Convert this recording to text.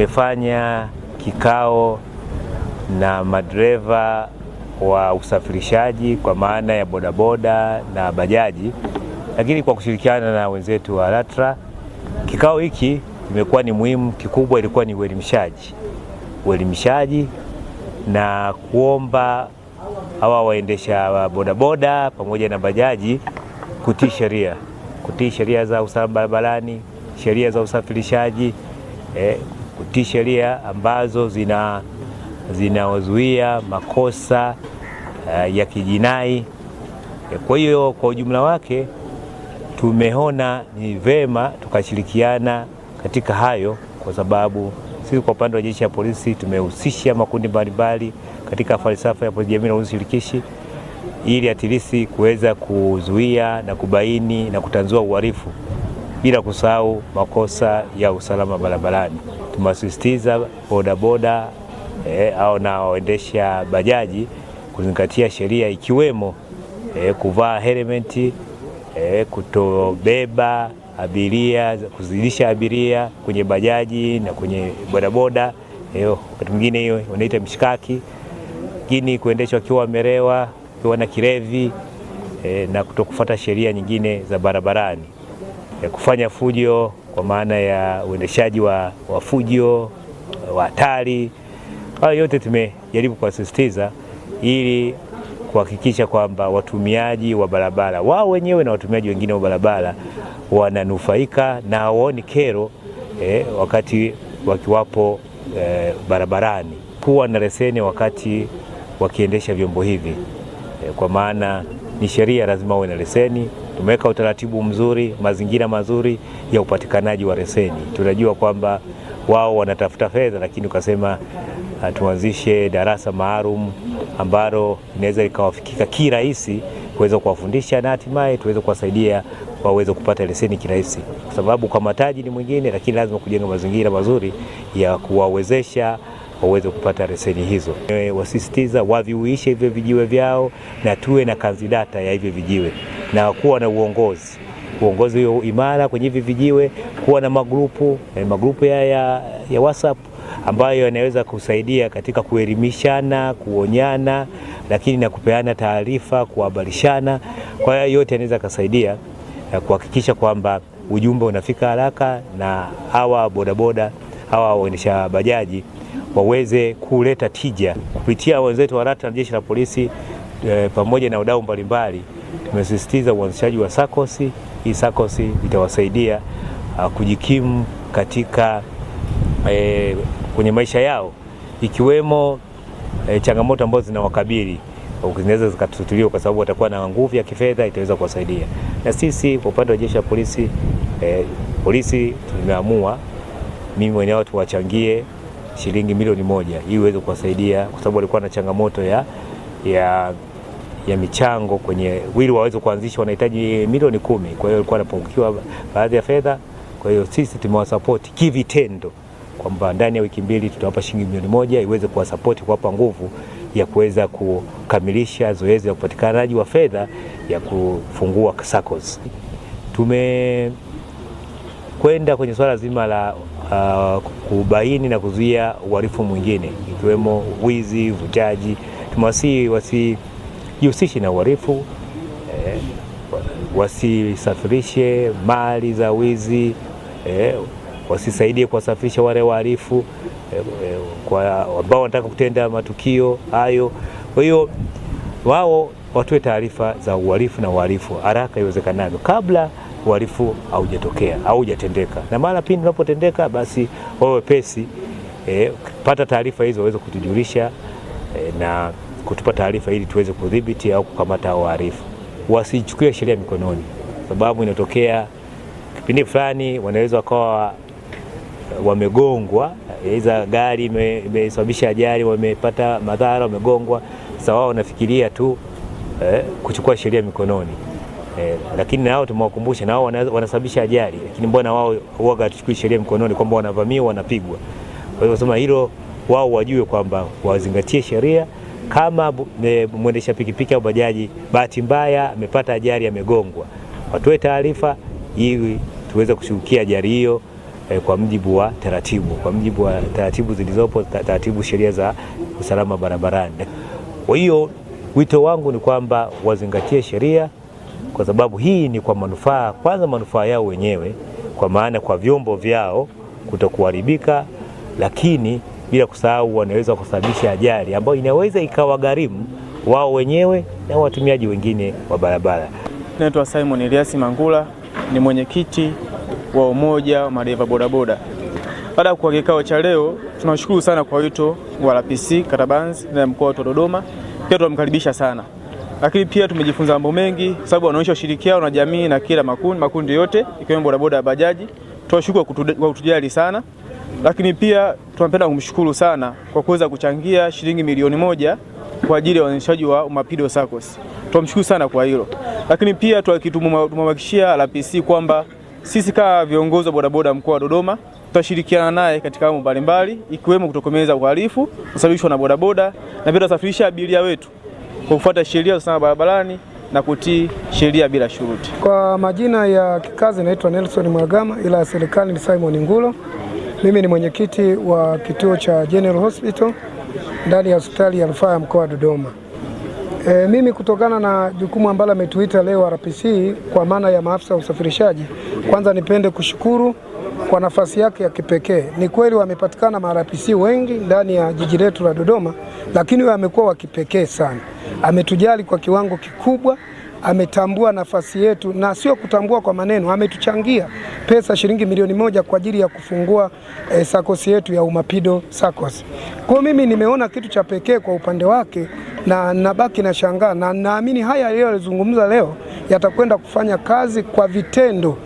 Nimefanya kikao na madereva wa usafirishaji kwa maana ya bodaboda na bajaji, lakini kwa kushirikiana na wenzetu wa LATRA. Kikao hiki kimekuwa ni muhimu, kikubwa ilikuwa ni uelimishaji, uelimishaji na kuomba hawa waendesha bodaboda pamoja na bajaji kutii sheria, kutii sheria za usalama barabarani, sheria za usafirishaji eh kutii sheria ambazo zina zinawazuia makosa uh, ya kijinai. Kwa hiyo kwa ujumla wake tumeona ni vema tukashirikiana katika hayo, kwa sababu sisi kwa upande wa jeshi la polisi tumehusisha makundi mbalimbali katika falsafa ya polisi jamii na ulinzi shirikishi ili atilisi kuweza kuzuia na kubaini na kutanzua uhalifu bila kusahau makosa ya usalama barabarani. Tumewasisitiza bodaboda eh, au na waendesha bajaji kuzingatia sheria ikiwemo eh, kuvaa helmeti eh, kutobeba abiria kuzidisha abiria kwenye bajaji na kwenye bodaboda eh, wakati mwingine hiyo wanaita mshikaki, kini kuendeshwa akiwa amerewa, akiwa na kirevi e, eh, na kutokufuata sheria nyingine za barabarani kufanya fujo kwa maana ya uendeshaji wa, wa fujo wa hatari. Hayo yote tumejaribu kuwasisitiza ili kuhakikisha kwamba watumiaji wa barabara wao wenyewe na watumiaji wengine wa barabara wananufaika na hawaoni kero eh, wakati wakiwapo eh, barabarani, kuwa na leseni wakati wakiendesha vyombo hivi eh, kwa maana ni sheria, lazima uwe na leseni. Tumeweka utaratibu mzuri, mazingira mazuri ya upatikanaji wa leseni. Tunajua kwamba wao wanatafuta fedha, lakini ukasema ah, tuanzishe darasa maalum ambalo inaweza ikawafikika kirahisi kuweza kuwafundisha na hatimaye tuweze kuwasaidia waweze kupata leseni kirahisi, kwa sababu ukamataji ni mwingine, lakini lazima kujenga mazingira mazuri ya kuwawezesha waweze kupata leseni hizo. Wasisitiza waviuishe hivyo vijiwe vyao na tuwe na data ya hivyo vijiwe na kuwa na uongozi uongozi huo imara kwenye hivi vijiwe, kuwa na magrupu eh, magrupu ya, ya, ya WhatsApp ambayo yanaweza kusaidia katika kuelimishana, kuonyana, lakini na kupeana taarifa, kuhabarishana. Kwa hiyo yote yanaweza kusaidia eh, kuhakikisha kwamba ujumbe unafika haraka na hawa bodaboda hawa waendesha bajaji waweze kuleta tija kupitia wenzetu wa LATRA na jeshi la polisi e, pamoja na wadau mbalimbali. Tumesisitiza uanzishaji wa sakosi. Hii sakosi itawasaidia ah, kujikimu katika e, kwenye maisha yao ikiwemo e, changamoto ambazo zinawakabili zinaweza zikatutuliwa kwa sababu watakuwa na nguvu ya kifedha itaweza kuwasaidia. Na sisi kwa upande wa jeshi la polisi e, polisi tumeamua mimi mwenyewe tuwachangie shilingi milioni moja ili iweze kuwasaidia, kwa sababu walikuwa na changamoto ya, ya, ya michango kwenye wili waweze kuanzisha, wanahitaji milioni kumi. Kwa hiyo walikuwa wanapungukiwa baadhi ya fedha. Kwa hiyo sisi tumewasapoti kivitendo kwamba ndani ya wiki mbili tutawapa shilingi milioni moja iweze kuwasapoti, kuwapa nguvu ya kuweza kukamilisha zoezi la upatikanaji wa fedha ya kufungua SACCOS tume kwenda kwenye swala zima la uh, kubaini na kuzuia uhalifu mwingine ikiwemo wizi, vujaji Tumewasihi wasijihusishe na uhalifu eh, wasisafirishe mali za wizi eh, wasisaidie kuwasafirisha wale wahalifu eh, eh, kwa ambao wanataka kutenda matukio hayo. Kwa hiyo wao watoe taarifa za uhalifu na uhalifu haraka iwezekanavyo kabla uhalifu haujatokea au hujatendeka, na mara pindi unapotendeka, basi wewe wepesi e, eh, pata taarifa hizo waweze kutujulisha e, na kutupa taarifa ili tuweze kudhibiti au kukamata hao wahalifu. Wasichukue sheria mikononi, sababu inatokea kipindi fulani wanaweza wakawa eh, wamegongwa, iza gari imesababisha ajali, wamepata madhara, wamegongwa. Sasa wao wanafikiria tu eh, kuchukua sheria mikononi. Eh, lakini nao tumewakumbusha nao wanasababisha ajali, lakini mbona wao huaga hatuchukui sheria mkononi kwamba wanavamiwa wanapigwa. Kwa hiyo sema hilo wao wajue kwamba wazingatie sheria. Kama eh, mwendesha pikipiki au bajaji bahati mbaya amepata ajali, amegongwa, watoe taarifa ili tuweze kushughulikia ajali hiyo eh, kwa mjibu wa taratibu, kwa mjibu wa taratibu zilizopo, taratibu sheria za usalama barabarani. Kwa hiyo wito wangu ni kwamba wazingatie sheria kwa sababu hii ni kwa manufaa kwanza, manufaa yao wenyewe, kwa maana kwa vyombo vyao kutokuharibika, lakini bila kusahau wanaweza kusababisha ajali ambayo inaweza ikawagharimu wao wenyewe na watumiaji wengine wa barabara. Naitwa Simon Elias Mangula, ni mwenyekiti wa umoja wa madereva bodaboda. Baada ya kwa kikao cha leo, tunashukuru sana kwa wito wa RPC Katabanzi na mkoa wa Dodoma, pia tunamkaribisha sana lakini pia tumejifunza mambo mengi, sababu wanaonyesha ushirikiano na jamii na kila makundi makundi yote ikiwemo bodaboda ya bajaji. Tunashukuru kwa kutujali sana, lakini pia tunapenda kumshukuru sana kwa kuweza kuchangia shilingi milioni moja kwa ajili ya uanzishaji wa Umapido SACCOS. Tunamshukuru sana kwa hilo, lakini pia tumemhakikishia RPC kwamba sisi kama viongozi wa bodaboda mkoa wa Dodoma tutashirikiana naye katika mambo mbalimbali ikiwemo kutokomeza uhalifu usababishwa na bodaboda na pia tutasafirisha abiria wetu kufuata sheria za barabarani na kutii sheria bila shuruti. Kwa majina ya kikazi naitwa Nelson Mwagama, ila ya serikali ni Simon Ngulo. Mimi ni mwenyekiti wa kituo cha General Hospital ndani ya hospitali ya rufaa ya mkoa wa Dodoma. E, mimi kutokana na jukumu ambalo ametuita leo RPC kwa maana ya maafisa ya usafirishaji, kwanza nipende kushukuru kwa nafasi yake ya kipekee. Ni kweli wamepatikana ma RPC wengi ndani ya jiji letu la Dodoma, lakini wamekuwa wa kipekee sana ametujali kwa kiwango kikubwa, ametambua nafasi yetu, na sio kutambua kwa maneno, ametuchangia pesa shilingi milioni moja kwa ajili ya kufungua e, sakosi yetu ya Umapido Sakosi. Kwa mimi nimeona kitu cha pekee kwa upande wake, na nabaki na shangaa, na naamini haya aliyozungumza leo yatakwenda kufanya kazi kwa vitendo